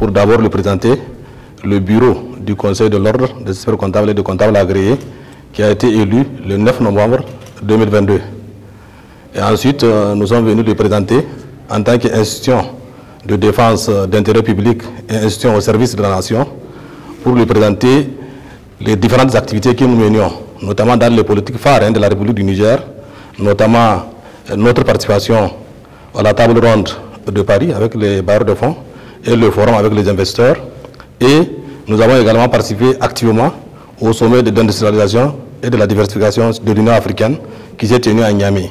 pour d'abord lui présenter le bureau du Conseil de l'Ordre des experts comptables et de comptables agréés qui a été élu le 9 novembre 2022. Et ensuite, euh, nous sommes venus lui présenter en tant qu'institution de défense euh, d'intérêt public et institution au service de la nation pour lui présenter les différentes activités que nous menions, notamment dans les politiques phares hein, de la République du Niger, notamment euh, notre participation à la table ronde de Paris avec les bailleurs de fonds, et le forum avec les investisseurs. Et nous avons également participé activement au sommet de l'industrialisation et de la diversification de l'Union africaine qui s'est tenu à Niamey.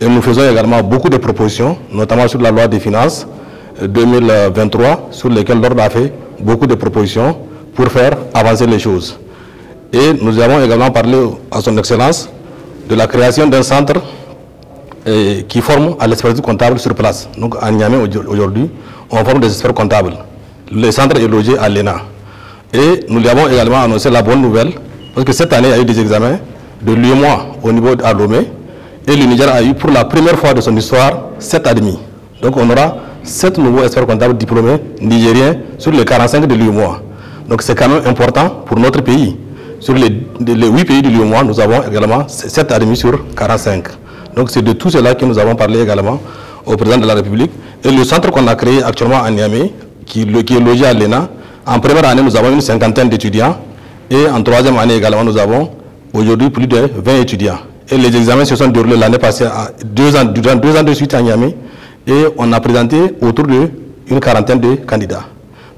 Et nous faisons également beaucoup de propositions, notamment sur la loi des finances 2023, euh, sur lesquelles l'ordre a fait beaucoup de propositions pour faire avancer les choses. Et nous avons également parlé à son Excellence de la création d'un centre euh, qui forme à l'expertise comptable sur place, donc à Niamey aujourd'hui, on forme des experts comptables. Le centre est logé à l'ENA. Et nous lui avons également annoncé la bonne nouvelle, parce que cette année, il y a eu des examens de l'UEMOA au niveau de Lomé, et le Niger a eu pour la première fois de son histoire 7 admis. Donc on aura 7 nouveaux experts comptables diplômés nigériens sur les 45 de l'UEMOA. Donc c'est quand même important pour notre pays. Sur les, les 8 pays de l'UEMOA, nous avons également 7 admis sur 45. Donc c'est de tout cela que nous avons parlé également au président de la République. Et le centre qu'on a créé actuellement à Niamey, qui, est logé à l'ENA, en première année, nous avons une cinquantaine d'étudiants. Et en troisième année également, nous avons aujourd'hui plus de 20 étudiants. Et les examens se sont déroulés l'année passée, à deux ans, durant deux ans de suite à Niamey. Et on a présenté autour une quarantaine de candidats.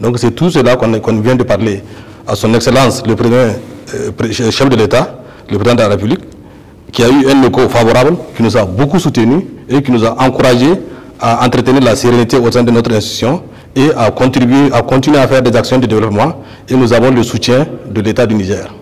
Donc c'est tout cela qu'on vient de parler à son Excellence, le président, euh, chef de l'État, le président de la République, qui a eu un écho favorable, qui nous a beaucoup soutenus et qui nous a encouragés à entretenir la sérénité au sein de notre institution et à, contribuer, à continuer à faire des actions de développement et nous avons le soutien de l'État du Niger.